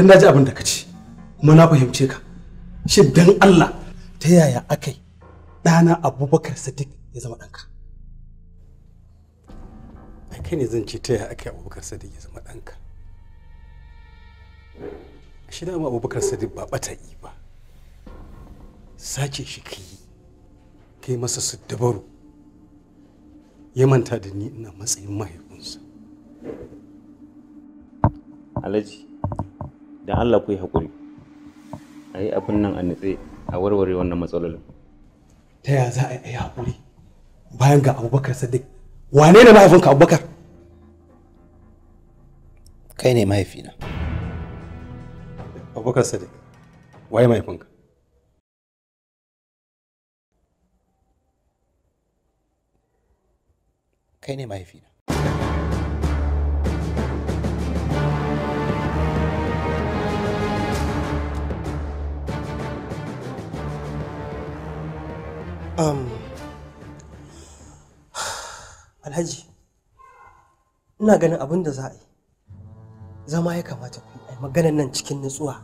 don na ji abin da ka ci kuma na fahimce ka shi don Allah ta yaya aka yi ɗana abubakar sadiq ya zama ɗanka a kai ne zan ce ta yaya aka yi abubakar sadiq ya zama ɗanka shi dama abubakar sadiq ba ɓata yi ba sace shi ka kai masa su dabaru ya manta da ni ina matsayin mahaifinsa alhaji da Allah ku yi haƙuri a yi abin nan a nutse a warware wannan matsalolin ta ya za a yi haƙuri bayan ga abubakar sadiq wane ne mahaifinka abubakar kai ne mahaifina abubakar sadiq waye mahaifinka kai ne mahaifina um, alhaji ina ganin abin da za a yi zama ya kamata ku yi maganan nan cikin nutsuwa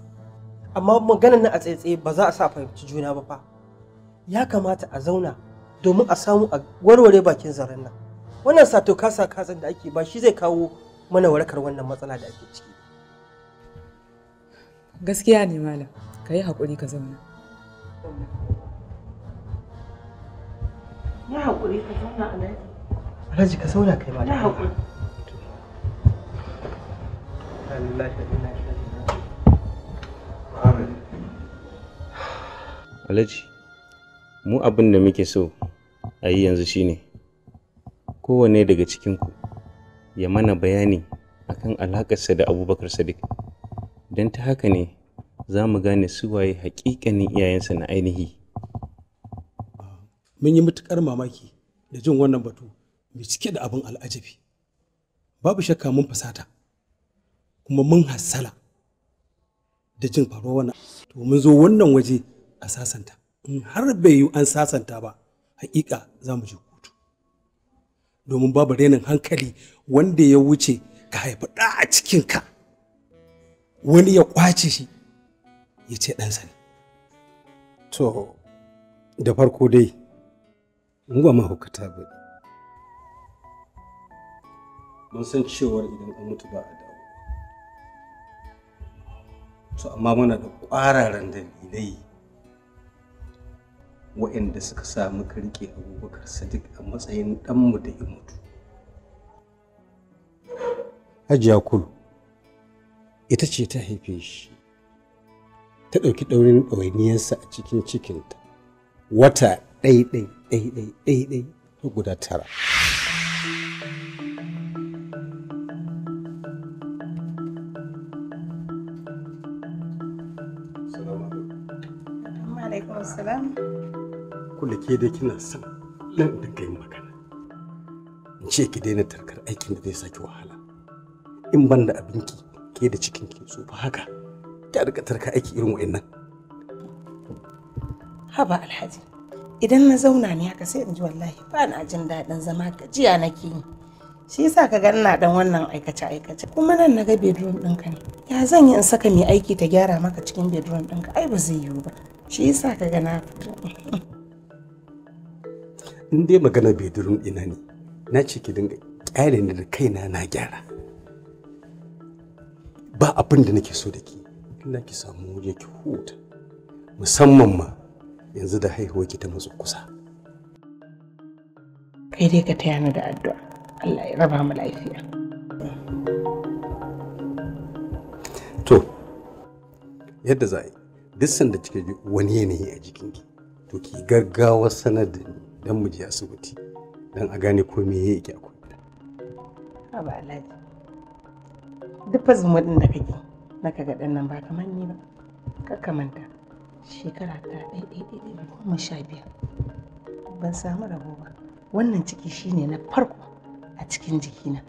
amma maganan nan a tsaye ba za a sa fahimci juna ba fa ya kamata a zauna domin a samu a warware bakin zaren nan wannan sato kasa kasan da ake ba shi zai kawo mana warakar wannan matsala da ake ciki gaskiya ne malam ka yi haƙuri ka zauna Na haƙuri ka zauna Alhaji. Alhaji ka zauna kai ma. haƙuri. Alhaji, mu abin da muke so a yi yanzu shine kowane daga cikinku ya mana bayani akan alaƙarsa da abubakar sadiq don ta haka ne za mu gane su waye haƙiƙanin iyayensa na ainihi mun yi matukar mamaki da jin wannan batu mai cike da abin al'ajabi babu shakka mun fasata kuma mun hassala da jin faruwa wannan to mun zo wannan waje a sasanta in har bai yi an sasanta ba hakika za mu je kotu domin babu renin hankali wanda ya wuce ka haifi ɗa a cikinka wani ya kwace shi ya ce ɗansa ne to da farko dai mu ba mahaukata ba mun san cewar idan an mutu ba a dawo to amma muna da ƙwararen dalilai waɗanda suka sa muka rike abubakar sadiq a matsayin ɗanmu da yin mutu hajiya kulu ita ce ta haife shi ta ɗauki ɗaurin ɗawainiyarsa a cikin cikinta wata ɗaiɗai ɗaiɗai ɗaiɗai har guda tara kula ke da kina son nan da kai magana in ce ki daina tarkar aikin da zai saki wahala in ban da abinki ke da cikin ki fa haka ta daga tarka aiki irin nan. haba alhaji idan na zauna ne haka sai in ji wallahi ba na jin daɗin zama gajiya nake yi shi yasa ka ga ina dan wannan aikace aikace kuma nan na ga bedroom ɗinka ne ya zan yi in saka mai aiki ta gyara maka cikin bedroom ɗinka ai ba zai yiwu ba shi yasa ka ga na in dai magana bedroom ɗina ne na ce ki dinga ƙyale ni da kaina na gyara ba abin da nake so da ki illa samu wuri ki huta musamman ma yanzu da ki ta matsu kusa kai dai ka taya ni da addu'a Allah ya raba mu lafiya to yadda za a yi duk sanda kika ji wani yanayi a jikinki to ki gaggawa sanar da ni don mu je asibiti dan a gane ko me yake akwai ba alhaji duk fa zumuɗin da kake na ga ɗan nan ba kamar ni ba ka manta shekara ta goma sha biyar ban samu rabo ba wannan ciki shine na farko a cikin jikina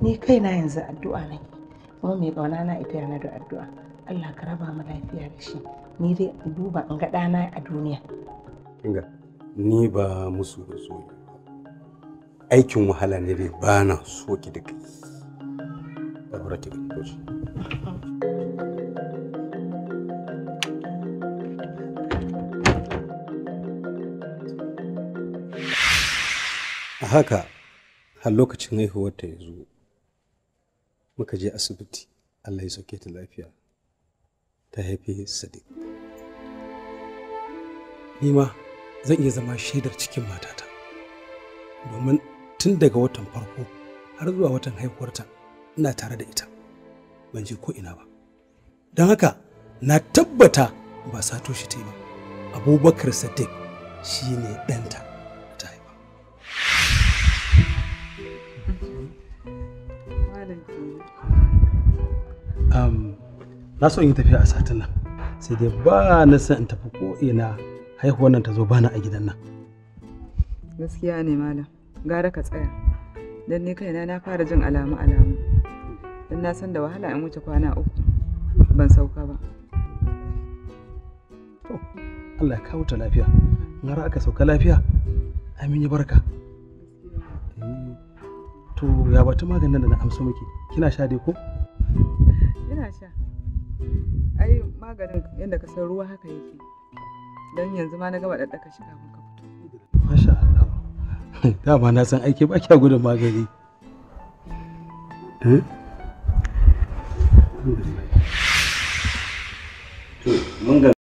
ni kai na yanzu addu'a nake kuma mai ƙauna na ita yana da addu'a Allah ka raba mu lafiya da shi ni dai duba in ga ɗana a duniya inga ni ba musu da aikin wahala ne dai ba na so ki da kai da A haka har lokacin haihuwarta ya zo muka je asibiti allah ya sauke ta lafiya ta haifi sadiq ni ma zan iya zama shaidar cikin matata domin tun daga watan farko har zuwa watan haihuwarta ina tare da ita ban je ko ina ba don haka na tabbata ba sato shi ta yi ba abubakar sadiq shi ne ɗanta na so in yi tafiya a satin nan sai dai ba na san in tafi ko ina haihuwar nan ta zo bana a gidan nan gaskiya ne malam gara ka tsaya don ni kaina na fara jin alamu alamu don na san da wahala in wuce kwana uku ban sauka ba Allah ya kawo ta lafiya gara aka sauka lafiya amin ya barka eh, to ya batu maganin da na amsa miki kina sha dai ko ina sha ai maganin yadda ka san ruwa haka yake don yanzu ma na gaba da ɗaka shiga muka fito masha Allah dama na san aiki ba kya gudun magani eh mun ga